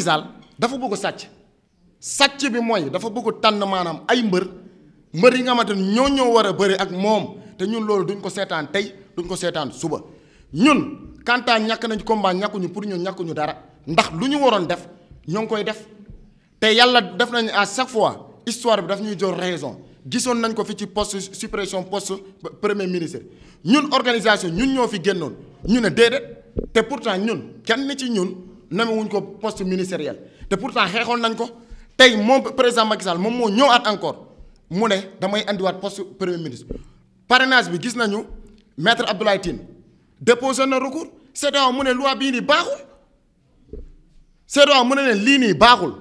istizaal dafa bëgg sàcc sàcc bi mooy dafa bëgg tànn maanaam ay mbër mbër yi nga xamante ne ñoo ñoo war a bëri ak moom te ñun loolu duñ ko seetaan tey duñ ko seetaan suba ñun kantaa ñàkk nañ combat ñàkkuñu pour ñu ñàkkuñu dara ndax lu ñu waroon def ñoo ngi koy def te yàlla def nañ à chaque fois histoire bi daf ñuy jox raison gisoon nañ ko fi ci poste suppression poste premier ministre ñun organisation ñun ñoo fi génnoon ñu ne déedéet te pourtant ñun kenn ci ñun namewuñ ko poste ministériel te pour pourtant xeexoon nañ ko tey moom président Macky moom moo ñëw ñëwaat encore mu ne damay indiwaat poste premier ministre. parrainage bi gis nañu maître Abdoulaye Tine déposé na recours CEDEAO mu ne loi bii nii baaxul CEDEAO mu ne leen lii nii baaxul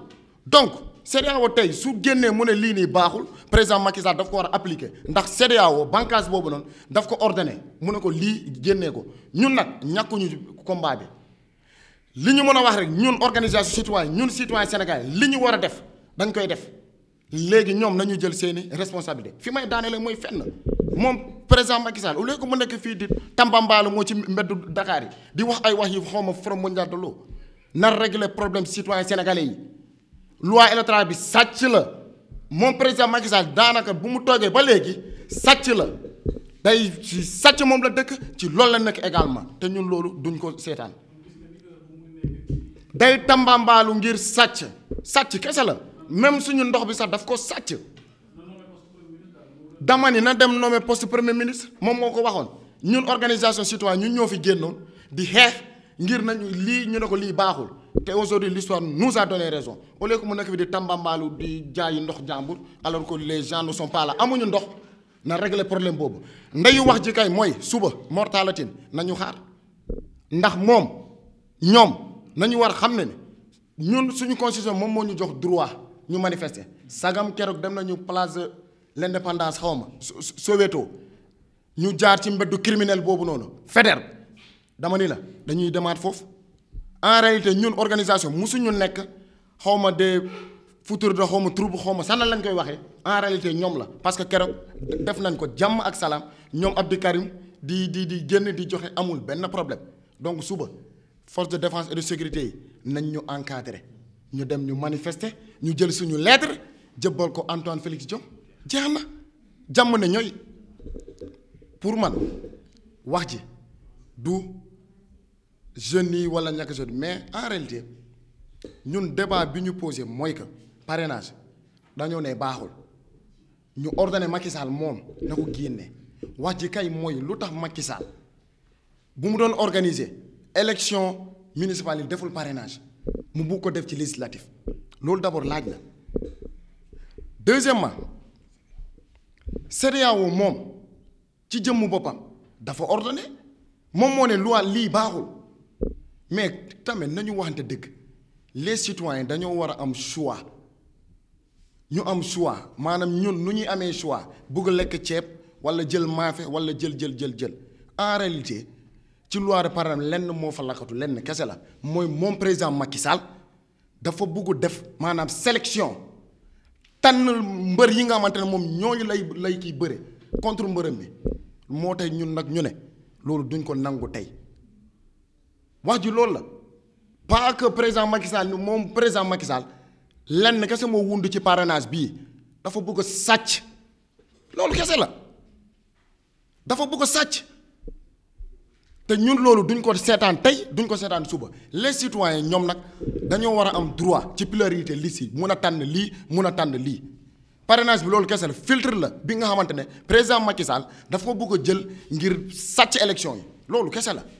donc CEDEAO tey su génnee mu ne lii nii baaxul président Macky Sall daf ko war a appliquer ndax CEDEAO bànqaas boobu noonu daf ko ordonné mu ne ko lii génnee ko ñun nag ñàkkuñu combat bi. li ñu mën a wax rek ñun organisation citoyen ñun citoyen Sénégal li ñu war a def dañ koy def léegi ñoom nañu jël seeni responsabilité fi may daanelee mooy fenn moom président Macky Sall au que mu nekk fii di Tambambalu moo ci mbeddu Dakar yi di wax ay wax yi xawma Forum mondial de l'eau na régler problème citoyen sénégalais yi loi électorale bi sàcc la moom président Macky daanaka bu mu toogee ba léegi sàcc la day ci sàcc moom la dëkk ci loolu la nekk également te ñun loolu duñ ko seetaan day tambambaalu ngir sàcc sàcc kese la même suñu ndox bi sax daf ko sàcc dama ni na dem nommé poste premier ministre moom moo ko waxoon ñun organisation citoyenne ñu ñoo fi génnoon di xeex ngir nañu lii ñu ne ko lii baaxul te aujourd'hui l'histoire nous a donné raison au lieu que mu nekk fi di tambambaalu di jaayi ndox jàmbur alors que les gens ne sont amuñu ndox na régler problème boobu ndeyu wax ji kay mooy suba mortalatin nañu xaar ndax moom ñoom nañu war xam ne ne ñun suñu constitution moom moo ñu jox droit ñu manifester sagam keroog dem nañu place de l'indépendance xaw ma Soweto ñu jaar ci mbeddu criminel boobu noonu Faidherbe dama ni la dañuy demaat foofu en réalité ñun organisation musuñu nekk xaw ma de futur de xaw ma troupe xaw ma sànna lañ koy waxee en ñoom la parce que keroog def nañ ko jàmm ak salaam ñoom Abdou Karim di di di génn di joxe amul benn problème donc suba force de défense et de sécurité yi nañ ñu encadré ñu dem ñu manifester ñu jël suñu lettre jëbbal ko Antoine Félix Diome jeex na jàmm ne ñooy pour man wax ji du jeunes yi wala ñàkk jeune mais en ñun débat bi ñu posé mooy que parrainage dañoo ne baaxul ñu ordonné Macky moom na ko génne wax ji kay mooy lu tax Macky Sall bu mu doon organiser. élection municipale deful parrainage mu bugg ko def ci législatif loolu d'abord laaj la deuxièmement CEDEAO moom ci jëmmu boppam dafa ordonné moom moo ne loi lii baaxul mais tamit nañu waxante dëgg les citoyens dañoo war a am choix ñu am choix maanaam ñun nu ñuy amee choix bugg lekk ceeb walla jël maafe walla jël jël jël jël en réalité ci loi de lenn moo fa lakkatu lenn kese la mooy moom président Macky dafa bugg def maanaam sélection tànn mbër yi nga xamante ne moom ñooñu lay lay kii bëre contre mbërëm bi moo tax ñun nag ñu ne loolu duñ ko nangu tey wax ji loolu la pas que président Macky moom président Macky Sall lenn kese moo wund ci parrainage bii dafa bugg sàcc loolu kese la dafa bugg sàcc. te ñun loolu duñ ko seetaan tey duñ ko seetaan suba les citoyens ñoom nag dañoo war a am droit ci pluralité liste yi mun a tànn lii mun a tànn lii parrainage bi loolu kese la filtre la bi nga xamante ne président Macky Sall daf ko bugg a jël ngir sàcc élection yi loolu kese la